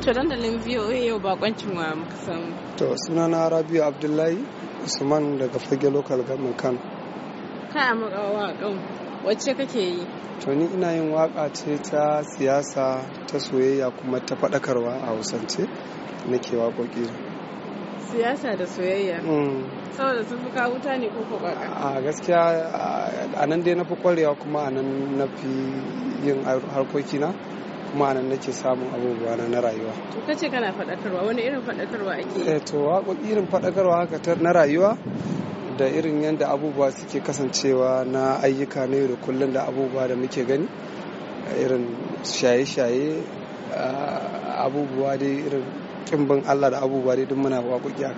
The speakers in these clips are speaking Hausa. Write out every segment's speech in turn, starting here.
To dandalin VOA yau bakoncin wa muka samu. To sunana Rabiu Abdullahi Usman daga Fage Local Government Kano. Ka a amurka waƙan wacce kake yi? To ni ina yin waƙa ce ta siyasa ta soyayya kuma ta faɗakarwa a Hausance nake waƙoƙi. Siyasa da soyayya? Mm. Saboda sun fi kawo wuta ne ko kwakwaka? A gaskiya a nan dai na fi ƙwarewa kuma a nan na fi yin harkokina. kuma anan nake samun abubuwa na rayuwa to kace kana faɗakarwa wani irin faɗakarwa ake eh to wako irin faɗakarwa haka na rayuwa da irin yadda abubuwa suke kasancewa na ayyuka na yau da kullum da abubuwa da muke gani irin shaye-shaye abubuwa dai irin kimbin Allah da abubuwa dai duk muna waƙoƙi a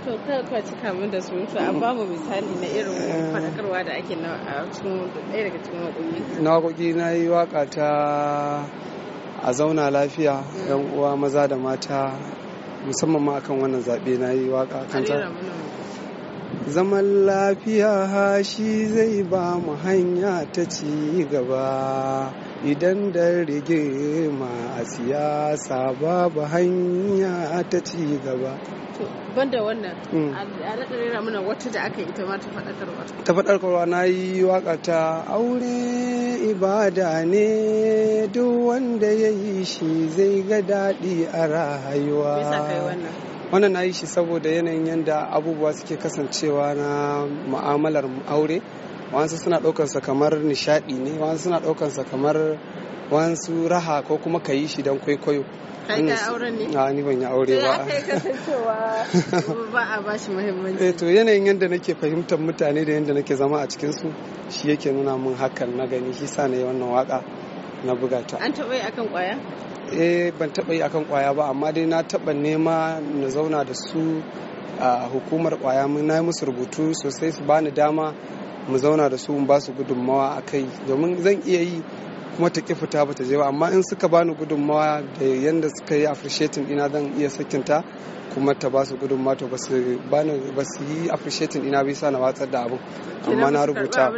kai to ka cika min da su to an bamu misali na irin eh. faɗakarwa da ake na cikin ɗaya daga cikin waƙoƙi na waƙoƙi na yi waƙa ta a zauna lafiya yan uwa maza da mata musamman ma akan wannan zaɓe na yi waka zaman lafiya shi zai ba mu hanya ta ci gaba idan da rigima a siyasa babu hanya ta ci gaba Banda wannan hmm. a daɗa rera mana wata da aka yi ta ma ta faɗakarwa ta faɗakarwa na yi waƙa ta aure ibada ne duk wanda ya yi shi zai ga daɗi a rayuwa wannan na yi shi saboda yanayin yadda abubuwa suke kasancewa na ma'amalar aure wasu suna ɗaukansa kamar nishaɗi ne wasu suna ɗaukansa kamar wansu raha ko kuma ka yi shi don kwaikwayo kai ka auren ne a ni ban yi aure ba sai kasancewa ba a ba shi muhimmanci eh to yanayin yadda nake fahimtar mutane da yadda nake zama a cikin su shi yake nuna min hakan na gani shi sa yi wannan waka na buga ta an taɓa yi akan kwaya eh ban taɓa yi akan kwaya ba amma dai na taɓa nema na zauna da su a hukumar kwaya mun na yi musu rubutu sosai su bani dama mu zauna da su mu ba su gudunmawa a kai domin zan iya yi kuma ta ƙi fita ba ta je ba amma in suka bani gudunmawa da yanda suka yi appreciating ina zan iya sakinta kuma ta ba su gudunmawa to ba su yi appreciating ina bisa na watsar da abu amma na rubuta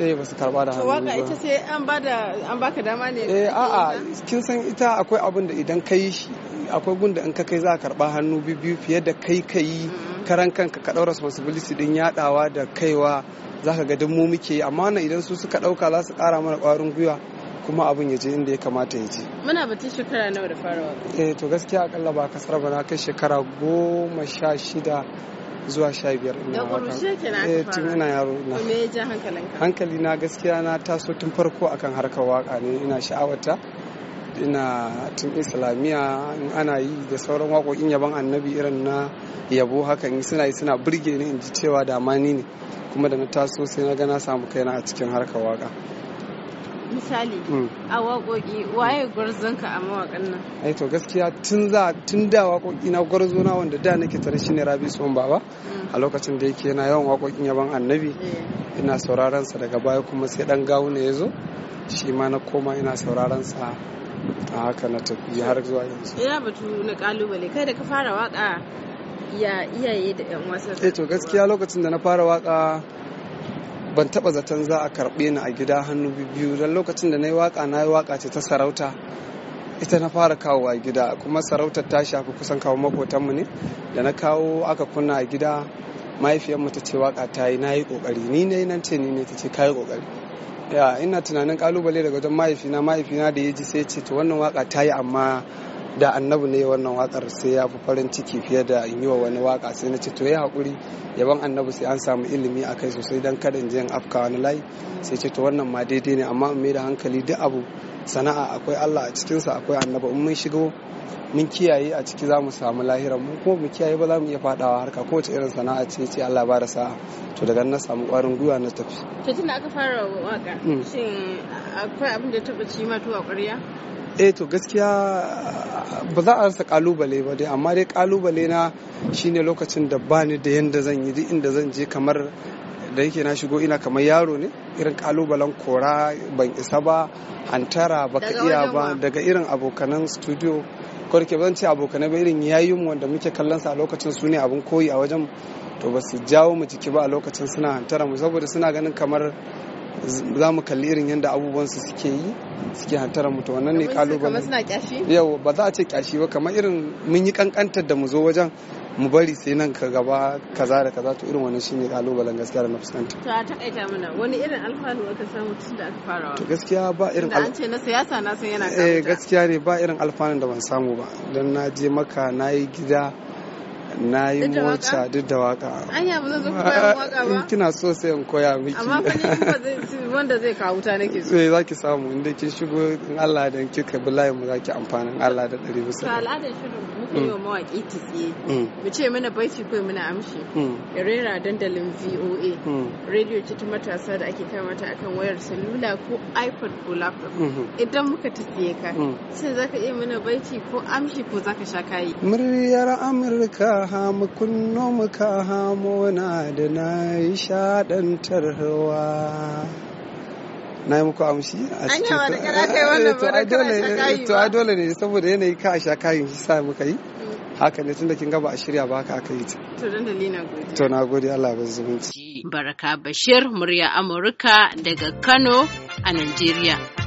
eh ba su karba da hannu ba waka ita sai an ba da an baka dama ne eh a'a kin san ita akwai abin da idan ka yi shi akwai gunda in ka kai za a karba hannu biyu fiye da kai ka yi mm-hmm. karan kanka ka ɗaura responsibility din yadawa da kaiwa za ka ga duk mu muke amma wannan idan su suka ɗauka za su kara mana kwarin gwiwa kuma abin ya je inda ya kamata ya je. Muna batun shekara nawa da farawa. Eh to gaskiya akalla ba kasar ba na kai shekara goma sha shida zuwa sha biyar ina waka eh tun ina yaro na. me ya ja hankalinka hankali na gaskiya na taso tun farko akan harkar waka ne ina sha'awata ina tun islamiyya in ana yi da sauran waƙoƙin yaban annabi irin na yabo hakan suna yi suna burge ni in ji cewa da ma ni ne kuma da na taso sai na gana samu kaina a cikin harkar waka misali hmm. a waƙoƙi waye gwarzonka a mawaƙan nan ai to gaskiya tun za tun da waƙoƙi na gwarzo na wanda da nake tare shine Rabi Tsohon Baba hmm. a lokacin da yake yana yawan waƙoƙin yaban Annabi eh. ina sauraron sa daga baya kuma sai dan gawo ne yazo shi ma na koma ina sauraron sa a haka na tafi har zuwa yanzu ina batu na kalubale kai da ka fara waka ya iyaye da yan wasa eh to gaskiya lokacin da na fara waka ban taba zaton za a karbe ni a gida hannu biyu don lokacin da na yi waka na yi waka ce ta sarauta ita na fara kawo a gida kuma sarautar ta shafi kusan kawo mu ne da na kawo aka kunna a gida Mahaifiyar mu ta ce waka ta yi na yi kokari ni ne nan ce ni ne ta ce ka yi kokari ya ina tunanin kalubale daga wajen mahaifina mahaifina da ya ji sai ce to wannan waka ta yi amma da annabi ne wannan watsar sai ya fi farin ciki fiye da in yi wa wani waka sai na ce to ya haƙuri yaban annabi sai an samu ilimi a kai sosai don kada in je in afka wani layi sai ce to wannan ma daidai ne amma in mai da hankali duk abu sana'a akwai Allah a cikinsa akwai annabi in mun shigo mun kiyaye a ciki za mu samu lahiran mu ko mu kiyaye ba za mu iya fadawa harka kowace irin sana'a ce ce Allah ba da sa'a to daga nan na samu ƙwarin gwiwa na tafi to tunda aka fara waka mm. shin akwai abin da ya ci ma to a ƙwarya eh to gaskiya ba za a rasa kalubale ba dai amma dai kalubale na shine lokacin da bani da yanda zan yi inda zan je kamar da yake na shigo ina kamar yaro ne irin kalubalen kora ban isa ba hantara baka iya ba daga irin abokanan studio ko da ban ce abokanai ba irin yayin wanda muke kallon sa a lokacin su ne abin koyi a wajen to ba su jawo mu jiki ba a lokacin suna hantara mu saboda suna ganin kamar za mu kalli irin yadda abubuwansu suke yi suke hantarar mutu wannan ne kalubale yau ba za a ce kyashi ba kamar irin mun yi kankantar da mu zo wajen mu bari sai nan ka gaba kaza da kaza to irin wannan shine kalubalen gaskiya da na fuskanta to a takaita mana wani irin alfanu aka samu tun da aka fara to gaskiya ba irin an ce na siyasa na san yana eh gaskiya ne ba irin alfanun da ban samu ba dan na je maka nayi gida na yi mota duk da waka anya ba zai zo koya waka ba kina so sai in koya miki amma kuma wanda zai kawo wuta nake so sai eh, zaki samu inda kin shigo in Allah da ka bi layin mu zaki amfanin Allah da dari bisa to al'adar shirin muke yi wa mm. mawaki tsiye mm. mu ce mana baiti ko muna amshi mm. rera dandalin VOA radio ce ta matasa da ake kai mata akan wayar salula ko iPod ko laptop mm-hmm. idan muka tsiye ka sai zaka iya mana baiti ko amshi ko zaka sha kai muryar Amurka hamu kunno mu ka hamo na da na yi shaɗantarwa na yi muku amshi a cikin eh, eh, to a dole ne saboda yanayi ka a sha kayan shi sa muka yi mm. haka ne tunda kin gaba a shirya ba haka aka yi ta to na gode Allah ya zumunci baraka bashir murya amurka daga Kano a Najeriya